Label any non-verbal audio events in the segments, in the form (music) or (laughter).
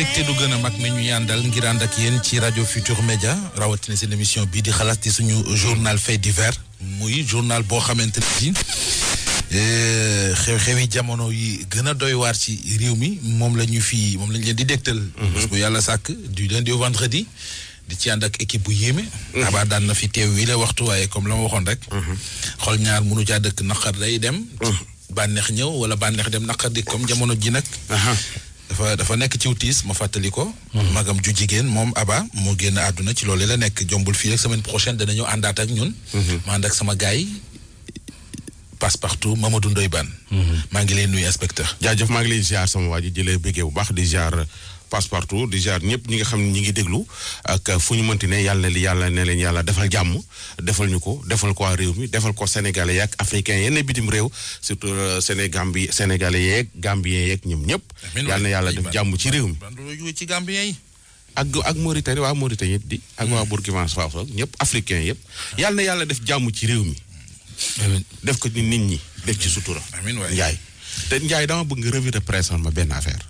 mbégte gën a mag mi ñu yàndal ngir ànd ak yéen ci rajo Futur Média rawatina seen émission bii di xalaat ci suñu journal fait divers muy journal boo xamante ne si eh, xew-xewi jamono yi gën a doy waar réew mi moom la ñu fii moom la leen di dégtal. Mhm. yàlla sàkk du lundi au vendredi di ci ànd ak équipe bu yéeme. Mhm. abaa daan na fi teew wii la waxtu waaye comme la ma waxoon rek. Mhm. xol ñaar munu jaa dëkk naqar lay dem. bànneex ñëw wala bànneex dem naqar di comme jamono ji nag. dafa dafa nekk ci wutis ma fàttali ko. Hmm. magam ju jigéen moom Aba moo génn àdduna ci loolu la nekk jombul fii rek semaine prochaine danañu àndaat ak ñun. Hmm. ma ànd ak sama gars yi passe partout Mamadou Ndoye Bane. Mhm. maa ngi leen nuyu inspecteur. jaajëf maa ngi lay ziar sama waa ji jëlee bu baax di jaar passe partout di jaar ñëpp ñi nga xam ne ñi ngi déglu ak fu ñu mënti yàlla li yàlla ne leen yàlla defal jàmm defal ñu ko defal ko waa réew mi defal ko sénégalais ak africain yenn bitim réew surtout euh, Sénégambi sénégalais yeeg gambien yeeg ñoom ñëpp. yàlla na yàlla def jàmm ci réew mi. ci gambien yi. ak ak Mauritanie waa Mauritanie di. ak waa Burkina Faso ñëpp africain yëpp. yàlla na yàlla def jàmm ci réew mi def ko ni nit ñi def ci sutura. amiin Ndiaye. te Ndiaye dama bëgg nga revue de presse ma benn affaire.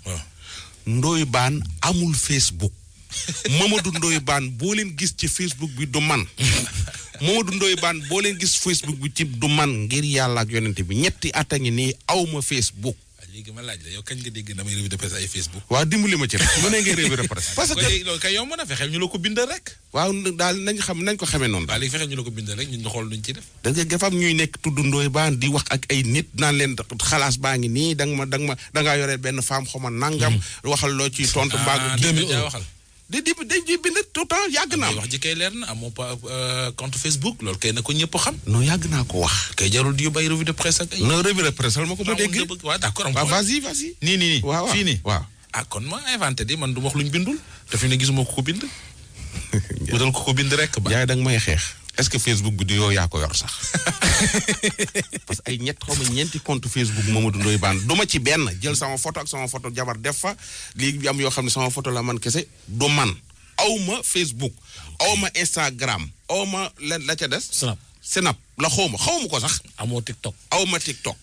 Ndoye Bane amul Facebook. (laughs) Mamadou Ndoye Bane boo leen gis ci Facebook bi du man. (laughs) Mamadou Ndoye Bane boo leen gis Facebook bi ci du man ngir yàlla ak yonent bi ñetti at a ngi nii awma Facebook. léegi ma laaj la yow kañ nga dégg damay revue de presse ay Facebook. waaw dimbali ma ci rek lu ne ngay revue de presse. (laughs) parce que loolu kay yomb na fexe ñu ñu la ko bindal rek ñu xool nuñ ci def. da nga dafa am ñuy nekk tudd ndooy baan di wax ak ay nit naan leen xalaas baa ngi nii danga ma benn femme xoma nangam. Hmm. waxal loo ci tontu mbaa. ah waxal de di dañ ciy bind tout temps naa. wax ji kay leer na amoo pa euh, compte Facebook loolu kay na ko ñëpp xam. non yàgg naa ko wax. kay jarul di bay revue de presse ak. non revue de presse ma ko ma dégg. waaw d'accord vas-y vas-y. nii nii nii waaw fii nii waaw. ah kon ma inventé di man du wax luñ bindul. daf ne gisuma ko ko bind. (laughs) wutal ko ko bind rek ba. yaay da nga may xeex. est-ce que Facebook bi du yow yaa ko yor sax (laughs) parce que ay ñett xaw ma ñeenti compte Facebook Mamadou Ndoye Bane du ma ci benn jël sama photo ak sama photo jabar def fa léegi bi am yoo xam ne sama photo la man kese du man aw ma Facebook aw ma Instagram aw ma la la ca des. Snap Snap la xaw ma xaw ma ko sax. amoo TikTok aw ma TikTok.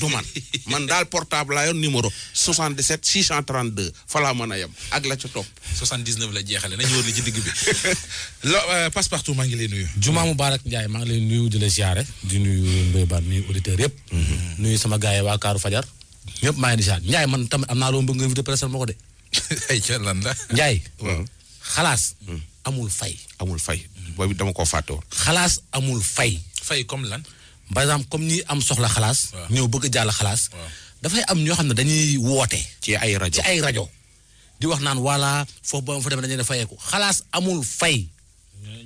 du man man daal portable laa yor numéro 77 632 fa laa mën a yem ak la ca topp. 79 la jeexale nañu wër li ci digg bi. (laughs) lo euh, Passepartout maa ngi lay nuyu. jumaa mu Ndiaye maa ngi lay nuyu di la ziare. di nuyu Mbaye Ba nuyu auditeurs yëpp. Mhm. nuyu sama gars yi waa Fajar. ñëpp maa ngi di ziare Ndiaye man tamit am naa loo bëgg nga invité presse ma ko (laughs) lan la. Ndiaye. xalaas. Mhm. amul fay. amul fay boobu dama koo fàtte woon. xalaas amul fay. fay comme lan. par exemple comme ni am soxla xalaas. ñëw bëgg a jàll xalaas. dafay am ñoo xam ne dañuy woote. ci ay rajo ci ay rajo. di wax naan voilà foofu boo fa demee dañu leen fayeeku xalaas amul fay.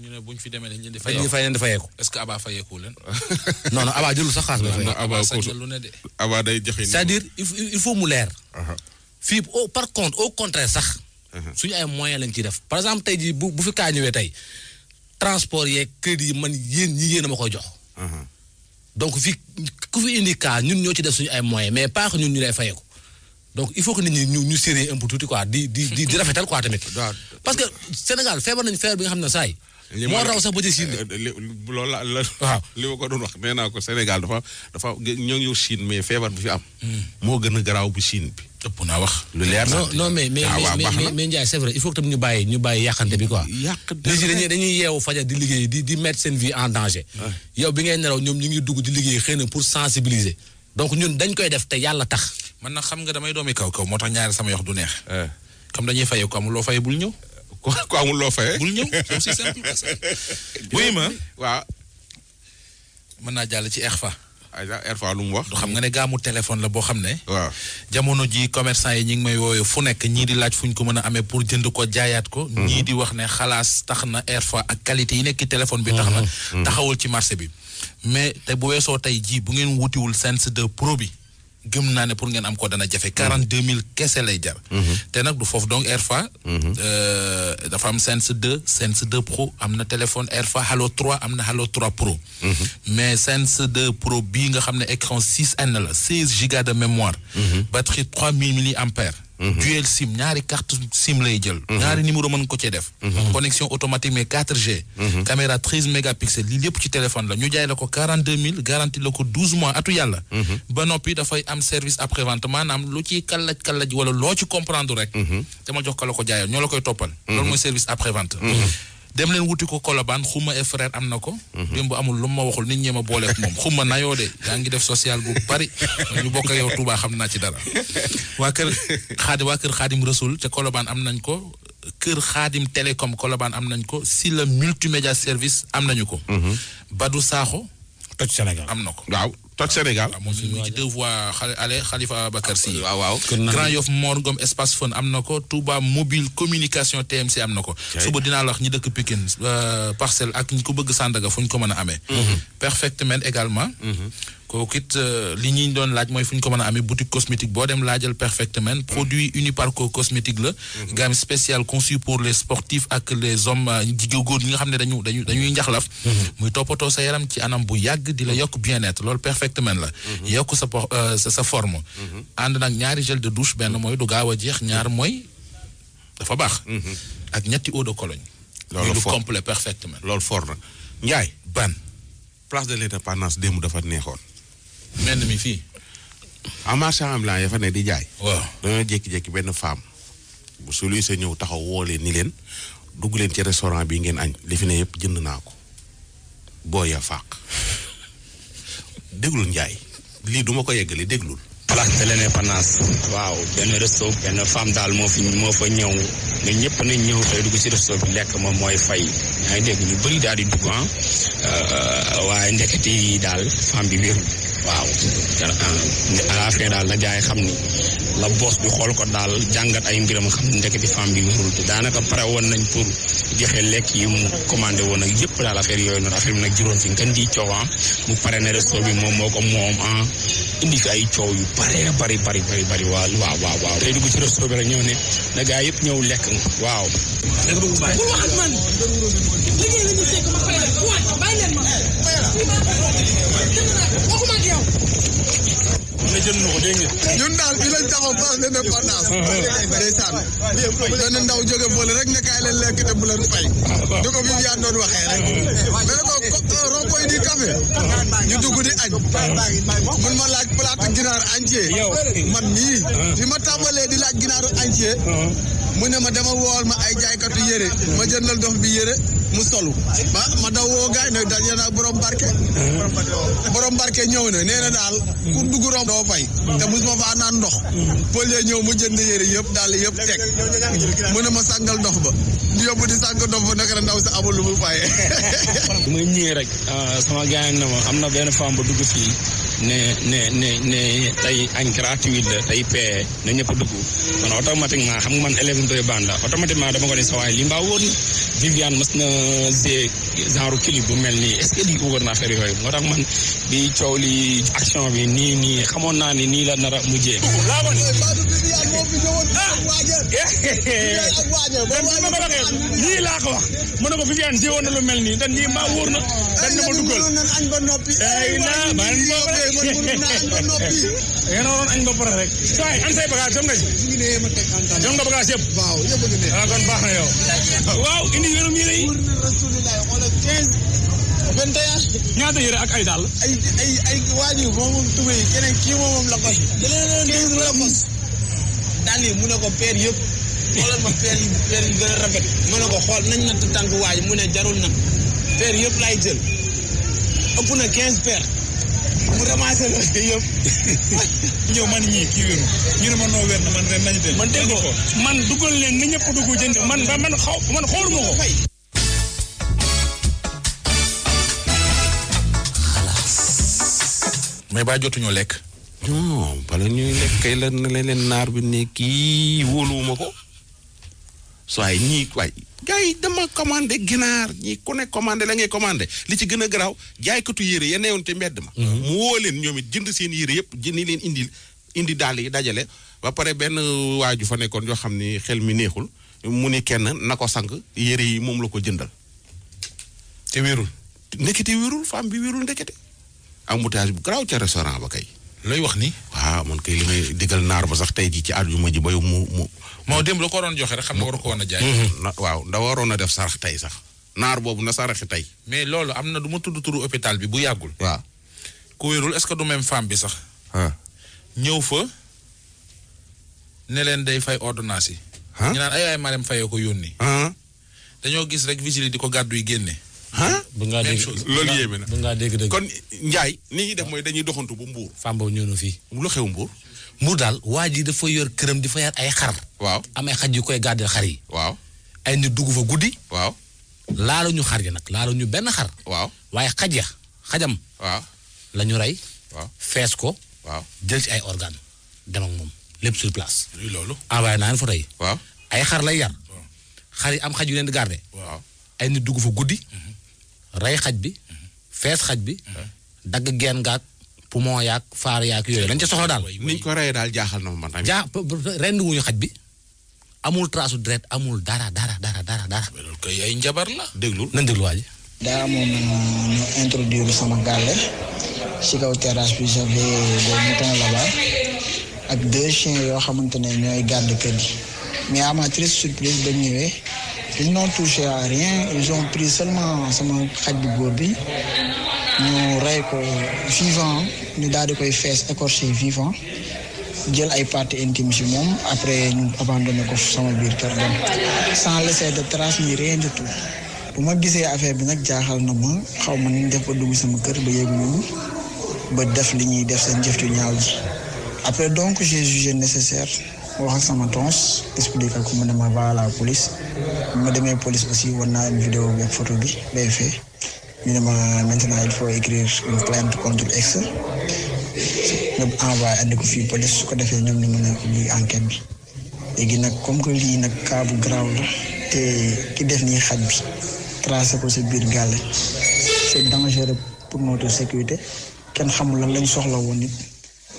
ñu ne bu fi demee dañu leen di fayeeku dañu fay leen di est-ce que Aba fayeeku leen. (laughs) non non Aba jëlul sax xalaas bi. non Aba lu ne de. Aba day il faut mu leer. fii au par contre au sax. suñu ay moyens lañ ciy def par exemple tey jii bu bu fi kaa ñëwee tey transport yeeg crédit yi man yéen ñi yéen a ma koy jox. donc fii ku fi indi cas ñun ñoo ci def suñu ay moyens mais pas que ñun ñu lay fayee ko donc il faut que nit ñi ñu ñu serré un peu tuuti quoi di di di rafetal quoi tamit. parce que Sénégal feebar nañu feebar bi nga xam ne saay moo raw sax ba ci Chine loolu la la li ma ko doon wax nee naa ko Sénégal dafa dafa ñoo ngi Chine mais feebar bi fi am. Hmm. moo gën a garaaw bu Chine bi. ëpp naa wax lu leer na. non mais mais ah, mais mais Ndiaye c'est vrai il faut que tam ñu bàyyee ñu bàyyi yàqante bi quoi. yàq léegi dañuy dañuy yeewu fajar di liggéey di di mettre seen vie en danger. yow bi ngay nelaw ñoom ñu ngi dugg di liggéey xëy na pour sensibiliser. donc ñun dañ koy def te yàlla tax. man na xam nga damay doomi kaw kaw moo tax ñaar sama yox du neex. comme dañuy fay ko amul loo fay ñëw ku ku amul loo fayee. bul ñëw (laughs) mën naa jàll ci RFA. RFA lu mu wax. xam nga ne gaamu téléphone la boo xam ne. waaw jamono ji commercant yi ñu ngi may woowee fu nekk ñii di laaj fu ñu ko mën a amee pour jënd ko jaayaat ko. Hmm. ñii di wax ne xalaas tax na RFA ak qualité yi nekk téléphone bi. tax na hmm. Hmm. taxawul ci marché bi. mais te bu weesoo tey jii bu ngeen wutiwul Sense 2 Pro bi. gëm naa ne pour ngeen am ko dana jafe. quarante deux mille kese lay jar. Mhm. te nag du foofu donc Airfa. Mhm. Euh, dafa am Sense 2 Sense 2 Pro am na téléphone Airfa Halo 3 am na Halo 3 Pro. Mhm. mais Sense 2 Pro bi nga xam ne écran 6N la 16 giga de mémoire. batterie 3000 milliampères. Mm-hmm. duel sim ñaari carte sim lay jël. Mm-hmm. ñaari numéro mën ko cee def. Mm-hmm. connexion automatique mais 4G. caméra 13 mégapixels lii lépp ci téléphone la ñu jaay la ko 42000 garanti la ko 12 mois atu yàlla. ba noppi dafay am service après vente maanaam lu ciy kallaj kallaj wala loo ci comprendre rek. dama jox ko la ko jaayal ñoo la koy toppal. loolu mooy service après vente. dem leen wuti ko Colobane xuma et frère am na ko. démb amul lu ma waxul nit ñi ma booleek moom xuma nayoo de yaa ngi def social bu bari ñu bokk yow Touba xam naa ci dara. waa kër xaadi waa kër xaadim Rasoul ca kolobaan am nañ ko. kër xaadim télécom kolobaan am nañ ko si la multimédia service am nañu ko. Mhm. Badou Sakho. toj Sénégal am na ko waaw. toj Sénégal waaw moom ci deux voies ale Khalifa Bakar Sy. waaw waaw Grand Yoff Mor Ngom espace fun am na ko Touba mobile communication TMC am na ko. suba dinaa la wax ñi dëkk Pikine euh, parcelle ak ñi ko bëgg Sandaga fu ñu ko mën a amee. Mhm. perfect également. Mhm. kooku euh, li ñuy doon laaj mooy fu ko mën a amee boutique cosmétique boo dem laajal perfect men mhm. produit Uniparco cosmétique la. gamme spéciale conçu pour les sportifs ak les hommes euh, jigéen góor ñi nga xam ne dañuy dañuy perfect man la. Mhm. yokk sa po euh, sa forme. Mhm. ànd nag ñaari gel de douche benn mooy du gaaw a jeex ñaar mooy dafa baax. Mhm. ak ñetti eau de cologne. loolu lu complet perfect man. loolu na Ndiaye. ban place de l'Indépendance démb dafa neexoon. mel mi fii. en marchand ambulant ya fa ne di jaay. waaw dañoo jékki-jékki benn femme. bu su luy sa ñëw taxaw woo leen ni leen dugg leen ci restaurant bi ngeen añ li fi ne yëpp jënd naa ko booy ya fàq. déglul Ndiaye lii duma ko yeggali déglul. place de l'indépendance waaw benn resto benn femme daal moo fi moo fa ñëw ne ñëpp nañ ñëw tey dugg ci resto bi lekk moom mooy fay yaa ngi dégg ñu bëri daal di dugg ah euh, waaye ndekete yi daal femme bi wérul waaw à la fin daal xam ni la boss bi xool ko daal jàngat ay mbiram xam ni ndeketi femme bi wurul daanaka pare woon nañ pour joxe lekk yi mu commandé woon ak yëpp daal affaire yooyu noonu affaire bi nag juróom fi nga di coow ah. mu pare ne resto bi moom moo ko moom ah. indi fi ay coow yu bare bari bari bari waaw waaw waaw tey dugg ci resto bi rek ñëw ne na gaay yëpp ñëw lekk waaw. jënd na ko dégg ñun daal bi lañ taxaw place de l'Indépendance. ndeysaan benn ndaw jóge fële rek ne kaay leen lekk te bu leen fay. du ko Viviane doon waxee rek. mais ko euh, rompoy di café ñu dugg di añ. mun ma laaj plate ginaar entier. man nii. bi ma tàmbalee di laaj ginaaru entier. mu ne ma dama wool ma ay jaaykatu yére. ma jëndal dof bi yére. mu solu ba ma daw woo gaay ne daje na borom barke borom barke ñëw na nee na daal ku dugg rom doo fay te ndox pël ya ñëw mu jënd yére yëpp daal yëpp di yóbbu di ndox ba naka la ndaw sa amul lu mu fayee (laughs) rek ah, sama gaay na am na benn femme bu dugg fii ne ne ne ne tey añ gratuit la tey payé na ñëpp dugg kon automatiquement xam man élève doy baan la automatiquement dama ko ne sa waay li Viviane mas na g genre clip bu mel nii est-ce que lii na affaire yooyu moo tax man bi coow li action bi nii nii xamoon naa ni nii la nar a mujjee lii laa ko wax na ko Viviane jéewoon na lu mel ni dan lii mbaa na dan na ba noppi (laughs) yéen a waroon añ ba pare rek waaye an say bagage jom ah, na yow waaw indi yërëm yëre yi. vingt et un. ñaata yëre ak ay dàll. ay ay ay waajur moom moom tuba yi keneen moom la kos. keneen la yi mu ne ko peer yëpp. xoolal ma peer yi gën a rafet. mu ne ko xool nañ natt tànk waaj mu ne jarul na. peer yëpp laay jël. ëpp na quinze peer. mu ramassé mais ba jotuñu lekk non bala ñuy lekk kay la leen naar bi ne kii wóoluwuma ko so ay ñii waay gars yi dama commandé ginaar ñii ku ne commandé la ngay commandé li ci gën a garaaw jaaykatu yére ya newoon te mbedd ma mhm. mu woo leen ñoom it jënd seen yére yëpp jëndi leen indi indi daal yi dajale ba pare benn waaju fa nekkoon yoo xam ne xel mi neexul mu ne kenn na ko sang yére yi moom la ko jëndal te wérul ndekete wérul femme bi wérul ndekete embouteillage bu garaaw ca restaurant ba kay looy wax ni. waaw man kay li may digal naar ba sax tey ji ci àjjuma ji ba mu mu. moo démb la ko waroon joxe rek xam nga waru ko woon a jaay. Mm-hmm. waaw da waroon a def sarax tey sax. naar boobu na saraxi tey. mais loolu am na du ma tudd turu hôpital bi bu yàggul. waaw ku wérul est-ce que du même femme bi sax. ñëw fa ne leen day fay ordonnance yi. ñu naan ay ay Marème Faye ko yónni. dañoo gis rek vigile di ko gàddu yi génne. ah bu ngaa dégg loolu yéeme na bu ngaa dégg dëgg kon Ndiaye ni ñuy def mooy dañuy doxantu bu mbuur Famba ñëw na fii lu xew mbuur mbuur daal waa ji dafa yor këram di fa yar ay xar waaw am xaj yu koy gàddeel xar yi waaw ay nit guddi waaw ñu xar yi nag laalu ñu benn xar waaw waaye xaj xajam waaw la fees ko waaw jël ay organe dem ak moom naa leen ay xar lay yar xar yi di garde ay nit dugg fa guddi. rey xaj bi. fees xaj bi. dagg geen gaag poumon yaag faar yaag yooyu lañ ca soxla daal. niñ ko reyee daal jaaxal na ma man tamit. jaa rend wuñu xaj bi amul trasu deret amul dara dara dara dara dara. loolu kay ay njabar la. déglu nañ déglu waa ji. daa amoon euh, ñu introduire sama gàlle ci kaw terrasse bi j'avais des moutons là-bas ak deux chiens yoo xamante ne ñooy garde kër gi mais à ma triste surprise ba ñëwee. ils n'ont touché à rien ils ont pris seulement sama xaj bu góor bi ñu rey ko vivant ñu daal di koy fees écorché vivant jël ay parties intimes ci moom après ñu abandonné ko sama biir kër dem sans laisser de trace ni rien bu ma gisee affaire bi nag jaaxal na ma xaw ma ni def ba dugg sama kër ba yéeguñu ba def li ñuy def seen jëf ju ñaaw ji après donc j'ai jugé nécessaire waxal sama tons expliqué ko mu ne ma baa police ma demee police aussi war naa am vidéo bi ak photo bi bay fee ñu ne ma maintenant il faut écrire une plainte fii police su ko defee ñoom ñu mën bi léegi nag comme que lii nag cas bu grave te ki def nii xaj bi tracé ko si biir gàlle c'est dangereux pour notre sécurité kenn xamul la lañ soxla woon nit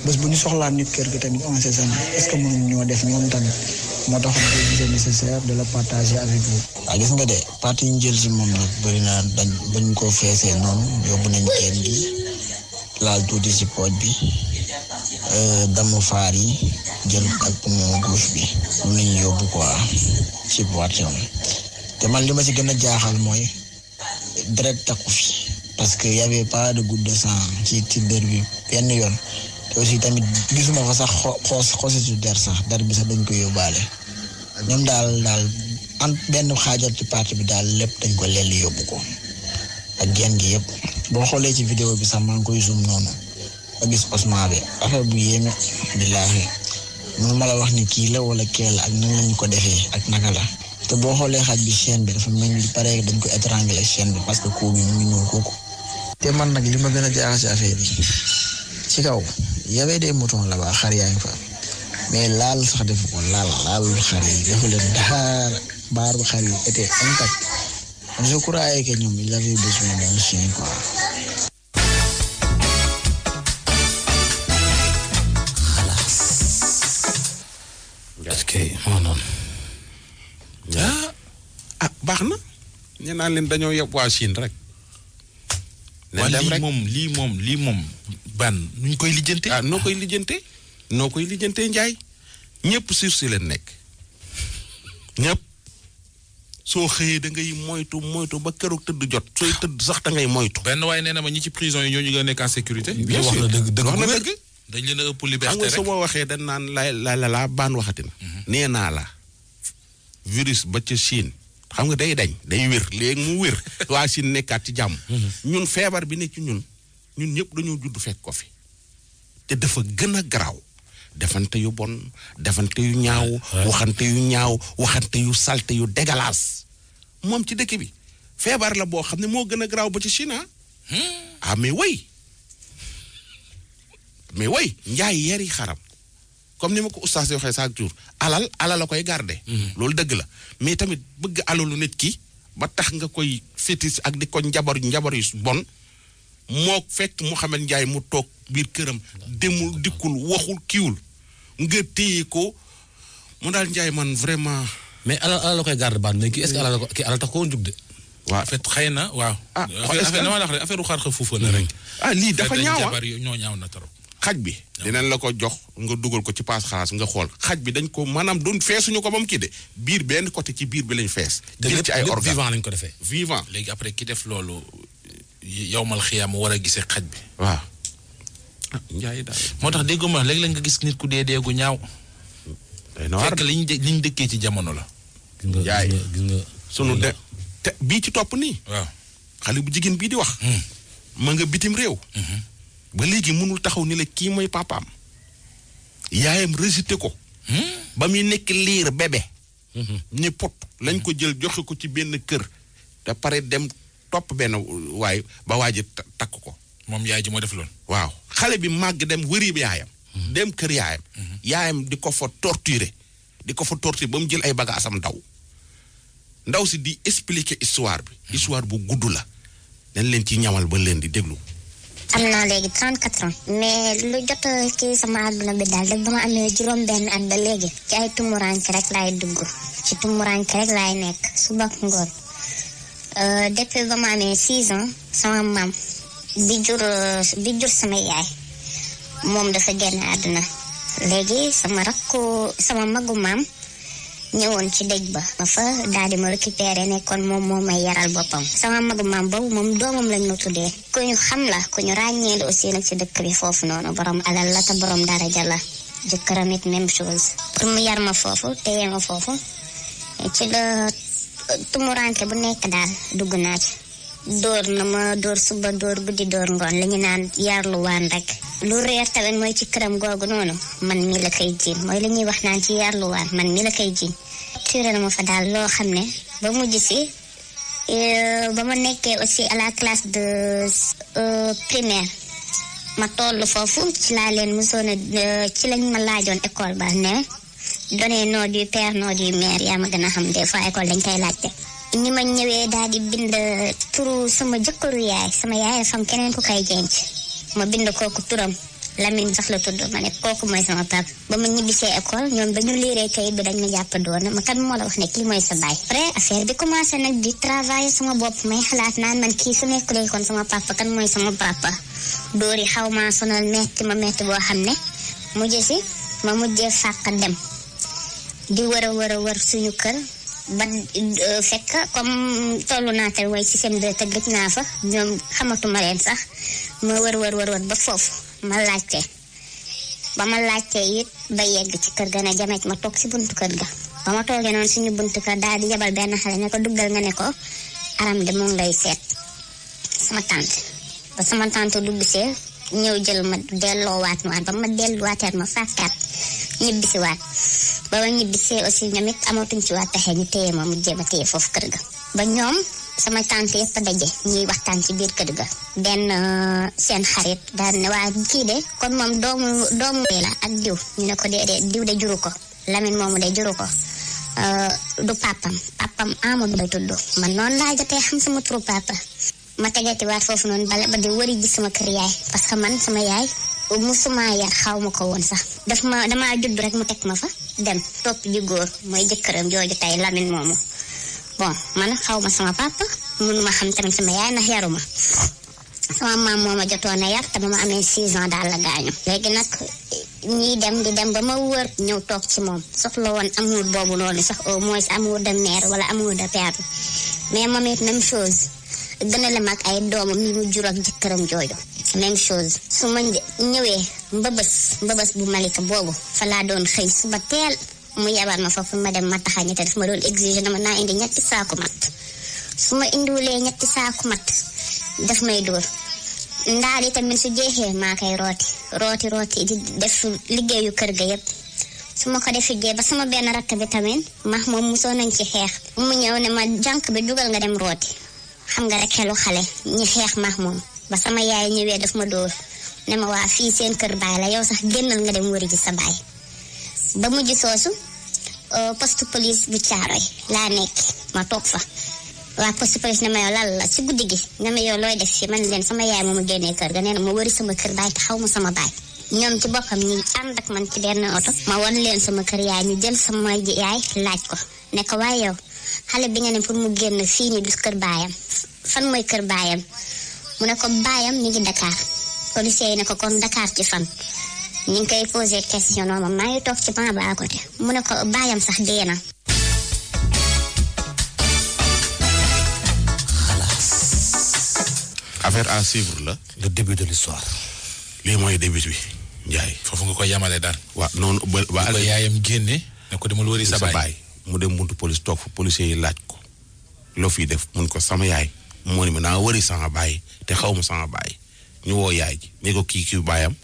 bés bu ñu soxlaa nit kër gi tamit on sait jamais est-ce que mënuñ ñoo def ñoom tamit moo tax c'est nécessaire de le partager avec vous. waaw ah, gis nga de partie yi ñu jël si moom nag bëri na dañ bañ koo feesee noonu yóbbu nañ kenn gi laal tuuti si pooj bi euh, damu faar yi jël ak poumon gauche bi yóbbu quoi ci boîte te man li ma ci gën a jaaxal mooy deret takku fi parce que y avait pas de goutte ci ci dër bi benn yoon. aussi tamit gisuma ko sax xoos xoositu der sax der bi sax dañ koy yóbbaale ñoom daal daal am benn xaajal ci parti bi daal lépp dañ ko leel yóbbu ko ak genn gi yëpp boo xoolee ci vidéo bi sax maa ngi koy zoom noonu nga gis osman bi affaire bu yéeme billaahi mun ma la wax ni kii la wala kee la ak nan lañu ko defee ak naka la te boo xoolee xaaj bi chaîne bi dafa mel ni pare dañ ko étranglé chaîne bi parce que koo bi mu ngi te man nag li ma gën a jaaxal ci affaire bi ci kaw y avait des la là-bas yaa ngi fa mais laal sax defu ko laal laalul xar yi defu leen dara ah, ah, baax na. ñu naan leen dañoo yeb waa Chine rek. nañ dem moom lii moom lii moom ban nuñ koy lijjante. ah noo koy lijjante noo koy lijjante njaay ñëpp sur si leen nekk ñëpp soo xëyee da ngay moytu moytu ba keroog tëdd jot sooy tëdd sax da ngay moytu. benn waaye neena ma ñi ci prison yi ñoo ñu gën a sécurité. bien sûr wax na dëgg wax na dëgg. dañ leen a ëpp liberté rek xam nga waxee dañ naan la la la baan waxati na. Mhm. nee naa la virus ba ca Chine. xam nga day dañ day wér léegi mu wér (laughs) waa Chine nekkaat ci jàmm. Mhm. ñun feebar bi nekk ñun ñun ñëpp dañoo judd fekk ko fi te dafa gën a garaaw defante yu bon defante yu ñaaw. waxante yu ñaaw waxante yu salte yu dégalaas moom ci dëkk bi feebar la boo xam ne moo gën a garaaw ba ci Chine ah, hmm. ah mais way mais way njaay yeri xaram. comme ni ma ko oustaz waxee chaque jour alal alal la koy garder. Mhm. loolu dëgg la mais tamit bëgg alalu nit ki ba tax nga koy fétis ak di ko njabar njabar yu bon moo fekk Mouhamed Ndiaye mu toog biir këram demul dikkul waxul kiiwul nga téye daal Ndiaye man vraiment. mais alal alal la koy garder baax na kii est-ce que na waaw. ah xa fuufa la rek. ah, ah. ñaaw na trop. xaj bi dinañ la ko jox nga dugal ko ci paas xalaas nga xool xaj bi dañ ko maanaam doon feesuñu ko ba mu kii de biir benn côté ci biir bi lañ fees. jël ci ay organes vivant lañ ko defee. vivant léegi après ki def loolu yowmal xiyaam war a gisee xaj bi. waaw. Ah, njaay daal moo tax déggu ma léegi la nga gis nit ku dee dee gu ñaaw. fekk liñ liñ dëkkee ci jamono la. njaay gis nga sunu de te bii ci topp nii. xale bu jigéen bii di wax. Hmm. ma nga bitim réew. Hmm. ba léegi mënul taxaw ni la kii mooy papaam yaayam résité ko. Hmm? ba muy nekk liir bebe ni pot lañ ko jël joxe ko ci benn kër. te dem topp benn waay ba waa ji takk ko. moom yaay ji moo def loolu. waaw xale bi màgg dem wëri yaayam. Hmm. dem kër yaayam. yaayam di ko fa torturer. di ko fa torturer ba mu jël ay bagaasam daw. ndaw si di expliquer histoire bi. Hmm. histoire bu gudd la. dañ leen ci ñamal ba leen di déglu. am naa léegi trente quatre ans mais lu jot kii sama àdduna bi daal rek ba ma amee juróom benn at ba léegi ci ay tumuranke rek laay dugg ci tumuranke rek laay nekk suba ak ngoon euh, depuis ba ma amee six ans sama maam bi jur bi sama yaay moom dafa génn àdduna léegi sama rakku sama magu maam ñëwoon ci dëj ba ma fa daal di ma récupéré ne kon moom moo may yaral boppam sama magu maam boobu moom doomam lañ ma tuddee ku ñu xam la ku ñu ràññeel aussi nag ci dëkk foofu noonu borom alal la te borom daraja la jëkkëram it même chose pour mu yar ma foofu téye ma foofu ci la tumuranke bu nekk daal dugg naa dóor na ma dóor suba door guddi dóor ngoon li ñu naan yaarlu waan rek lu reer tamit mooy ci këram googu noonu man mi la koy jiin mooy li ñuy wax naan ci yaarlu waan man mi la koy jiin turé na ma fa daal loo xam ne ba mujj si euh, ba ma nekkee aussi à la classe de euh, primaire ma toll foofu ci laa leen mosoon a euh, ci lañ ma laajoon école ba ne donné nom du père nom du mère yaa ma gën a xam des fois école dañ koy laajte ni ma ñëwee daal di bind turu sama jëkkëru yaay sama yaay fam keneen ku kay jenc ma bind kooku turam Lamine sax la tudd ma ne kooku mooy sama pap ba ma ñibbisee école ñoom ba ñu liiree kayit bi dañ ma jàpp doon ma kan la wax ne kii mooy sa baay. après affaire bi commencé nag di travailler sama bopp may xalaat naan man kii su nekkulee kon sama papa kan mooy sama papa dóor yi xaw ma sonal metti ma metti boo xam ne mujj si ma mujjee fàq dem di wër a wër a wër suñu kër. ban euh, fekk comme tollu naa te way ci seen te gëj naa fa ñoom xamatuma leen sax ma wër wër wër ba foofu ma laajte ba ma laajte it ba yegg ci kër ga ne jameet ma toog si buntu kër ga ba ma toogee noonu suñu buntu kër daal di yabal benn xale ne ko duggal nga ne ko aram de moom lay seet sama tante ba sama tante dugg see ñëw jël ma delloowaat ma ba ma delluwaatee ma fàkkaat ñibbisiwaat ba ba ñibbisee aussi ñoom it amatuñ ci waa pexe ñu téye ma mu jéem a téye foofu kër ga. ba ñoom sama tante yëpp daje ñuy waxtaan ci biir kër ga. benn euh, seen xarit daal ne kon moom doomu doomu la ak ñu ne ko de diw de juru ko Lamine moomu de juru ko. Euh, du papam papam Amadou lay tudd man noonu laa jotee xam sama turu papa ma tegeti waat foofu noonu bala ba di wëri sama kër yaay parce que man sama yaay musuma yar xaw ma ko woon sax daf ma damaa judd rek mu teg ma fa dem topp ji góor mooy jëkkëram jooju tey Lamine moomu bon man xaw ma sama papa ma xam tamit sama yaay ndax yaruma sama maam moom ma jotoon a yar te ba ma amee six ans daal la gaañu léegi nag ñuy dem di dem ba ma wër ñëw toog ci moom soxla woon amour boobu noonu sax au moins amour de mère wala amour de père mais moom it même chose gënale ma ak ay doom yi mu jur ak joojo jooju même chose su ma ñëwee mbëbës mbëbës bu malika boobu fa doon xëy suba teel mu yabaat ma foofu ma dem ma taxañe te daf ma doon exiger naa indi ñetti saaku mat su ma indiwulee ñetti saaku mat daf may dóor ndaal yi tamit su jeexee maa koy rooti rooti rooti def liggéeyu kër ga yépp su ma ko defee jee ba sama benn rakk bi tamit ma moom soo nañ ci xeex mu ñëw ne ma jànq bi jugal nga dem rooti xam nga rek xelu xale ñi xeex max moom ba sama yaay ñëwee daf ma dóor ne ma waa fii seen kër baay la yow sax génnal nga dem wëri ji sa baay ba mujj soosu euh, poste police bu caaroy laa nekk ma toog fa waa poste police ne ma yow lan la si guddi looy def fi man leen sama yaay moom a génnee kër ga sama kër baay te xaw ma sama baay ñoom ci boppam ñu ànd ak man ci benn oto ma won leen sama kër yaay ñu jël sama yaay laaj ko ne ko waaye yow xale bi nga ne pour mu génn fii nii du kër baayam fan mooy kër baayam mu ne ko baayam mi ngi Dakar policier yi ne ko kon Dakar ci fan ñu ngi koy posé question non ma maa ngi toog ci ban ba à côté mu ne ko baayam sax dee na. affaire à suivre la. le début de l'histoire lii mooy début bi. Ndiaye foofu nga koy yamale daal. waaw noonu ba ba. yaayam génne. ne ko demal wëri sa baay mu dem buntu police toog fa policier yi laaj ko loo fi def mun ko sama yaay moo ni ma naa wëri sama baay te xaw ma sama baay ñu woo yaay ji ne ko kii kii baayam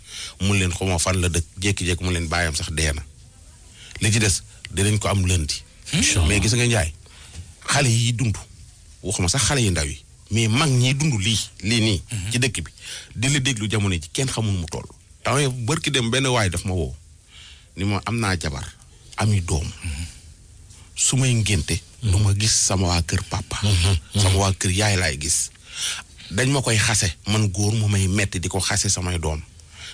mun leen xaw ma fan la dëkk jékki-jékki mu leen baayam sax dee na li ci des dinañ ko am lundi. mais gis nga njaay xale yi dund waxuma sax xale yi ndaw yi mais mag ñi dund lii lii nii. Mhm. ci dëkk bi di la déglu jamono ji kenn xamul mu toll. taw bërki dem benn waay daf ma woo ni moo am naa jabar ami doom. Mhm. su may ngénte lu ma gis sama waa kër papa mm-hmm, mm-hmm. sama waa kër yaay laay gis dañ ma koy xase man góor mu may metti di ko xase samay doom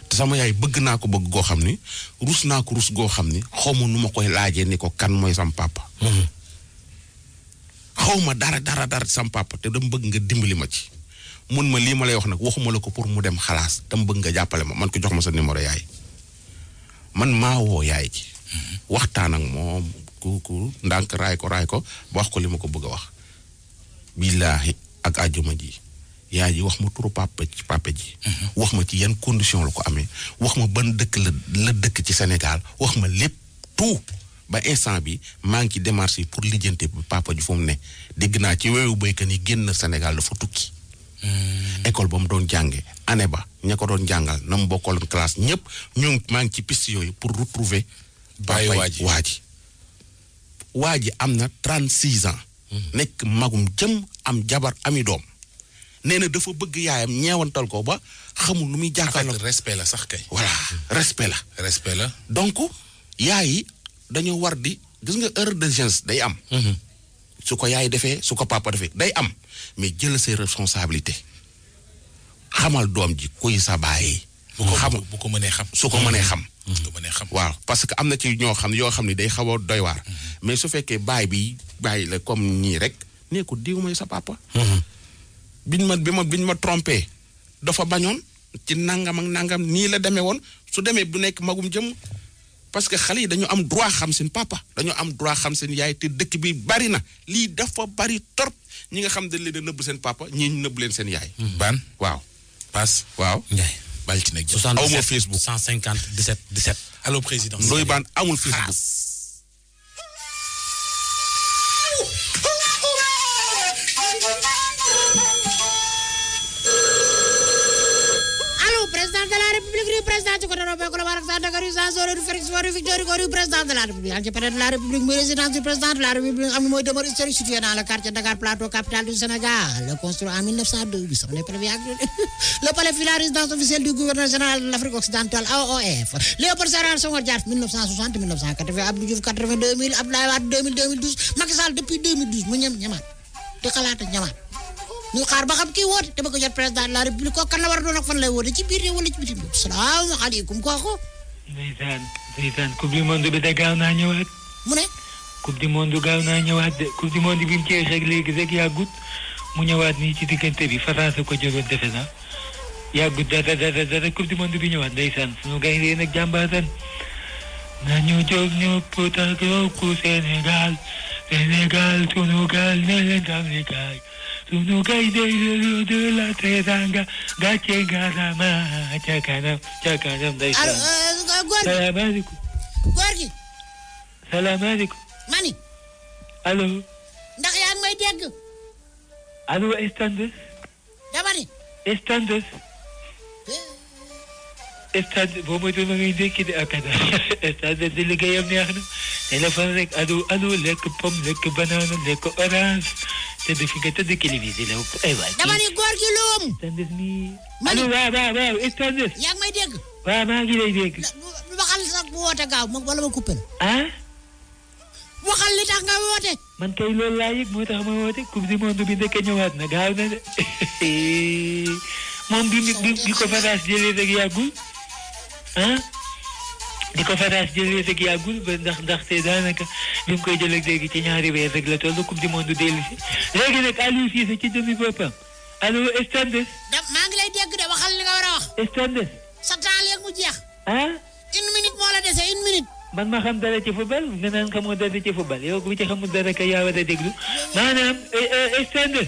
te sama yaay bëgg naa ko bëgg goo xam ni rus naa ko rus goo xam ni xaw ma nu ma koy laajee ni ko kan mooy sam papa mm-hmm. dara dara dara sam papa te dama bëgg nga dimbali ma ci mun ma lii ma lay wax nag waxuma la ko pour mu dem xalaas dama bëgg nga jàppale ma man ko jox ma sa numéro yaay man maa yaay ci waxtaan moom ku ku ndànk raay ko raay ko ba wax ko li ma ko bëgg wax billaahi ak àjjuma ji yaay ji wax ma turu papa ci papa ji mhm. wax ma ci yan condition la ko amee wax ma ba dëkk la dëkk ci Sénégal wax ma lépp tout ba instant bi maa ngi ci démarche yi pour lijjante bi papa ji fu ne dégg naa ci weewu béykat yi génn Sénégal dafa tukki mhm. école ba mu doon jànge année ba ña ko doon jàngal na mu bokkaloon classe ñëpp ñoo maa ngi ci piste yooyu pour retrouver bàyyi waa ji waa ji waa ji am na 36 ans. Mhm. nekk magum jëm am jabar ami doom. nee na dafa bëgg yaayam ñeewantal ko ba xamul lu muy. jàkkaarloo respect la sax kay. voilà mhm. respect la. respect la donc yaay yi dañoo war di gis nga erreur de jeunesse day am. Mhm. su ko yaay defee su ko papa defee day am mais jël seen responsabilité xamal doom ji kuy sa bàyyi. bu ko bu ko mënee xam su ko mënee xam. Mm-hmm. waaw parce que am na ci ñoo xam yoo xam ne day xaw a doy waar. Mm-hmm. mais su fekkee baay bi bàyyi la comme ñii rek nee diw mooy sa papa. Mm-hmm. biñ ma bi ma biñ ma trompé dafa bañoon ci nangam ak nangam nii la demee woon su demee bu nekk magum jëm parce que xale yi dañu am droit xam seen papa dañu am droit xam seen yaay te dëkk bi bari na lii dafa bari trop ñi nga xam dañ leen a nëbb seen papa ñii ñu nëbb leen seen yaay. ban waaw. paas waaw. bàyyi ci nag. aw ma Facebook président. Ndoye Bane amul Facebook. Europe collaboration de Carusan Soro du du président la République en période de la le quartier Dakar Plateau capitale du Sénégal construit en 1902 bi sax ne premier (laughs) le palais fut la résidence officielle du gouverneur général depuis mu ñam ñamaat di xalaat ñamaat ñu xaar ba xam kii woote te bëgg a jot président de la république kooku kan la war a doon ak fan lay woote ci biir réew wala ci bitim réew salaamaaleykum kooku. ndeysaan ndeysaan bi de gaaw naa ñëwaat. mu ne. coupe du monde gaaw naa ñëwaat de coupe du monde bi mu cee rek léegi rek yàggut mu ñëwaat nii ci diggante bi France ko jógoon defe na yàggut dara dara dara coupe du monde bi ñëwaat ndeysaan suñu gaynde nag jàmbaar ren nañu jóg ñu pour tàggatoo ku Sénégal Sénégal sunu gaal ne leen am li kaay Suno kai dai da da la ta danga ga ke gara ma ta kana ta kana dai. Salam alaikum. Gorgi. Salam alaikum. Mani. Allo. Ndax yaa ngi may dégg. Allo Estandus. Dama ni. Estandus. Estandus boo moytuwul ma ngay dékki de ak ada. Estandus di liggéeyam neex na téléphone rek allo allo lekk pomme lekk banane lekk orange. tëdd télévisé e e e- la aywa. dama ni góor gi mi. allo waaw waaw waaw tëndis. yaa ngi may dégg. waaw maa ngi lay dégg. waxal sax bu woote gaaw ma wala ma coupé la. ah. waxal li tax nga woote. man kay loolu laa yëg moo tax ma woote coupe du monde bi ndekk ñëwaat na gaaw na de moom bi bi ko Faraas jëlee rek yàggul ah. di ko France jëlee rek yàggul ba ndax ndaxte daanaka ñu ngi koy jël ak ci ñaari weer rek la toll coupe du monde dellu si léegi nag Aliou Cissé ci demi boppam allo Standes. da maa ngi lay dégg de waxal li nga war a wax. Standes. sa temps léegi mu jeex. ah. une minute moo la dese une minute. man ma xam dara ci football nga naan xamoo dara ci football yow bu ci xamul dara ka yaa war a déglu maanaam eh, eh, Standes.